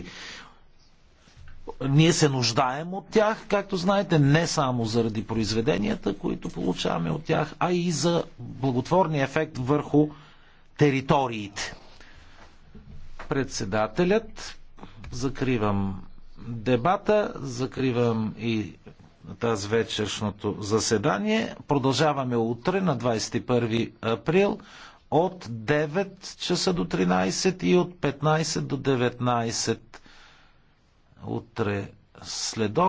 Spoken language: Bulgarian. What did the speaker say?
потребители. Ние се нуждаем от тях, както знаете, не само заради произведенията, които получаваме от тях, а и за благотворния ефект върху териториите. Председателят, закривам дебата, закривам и тази вечершното заседание. Продължаваме утре на 21 април от 9 часа до 13 и от 15 до 19 утре след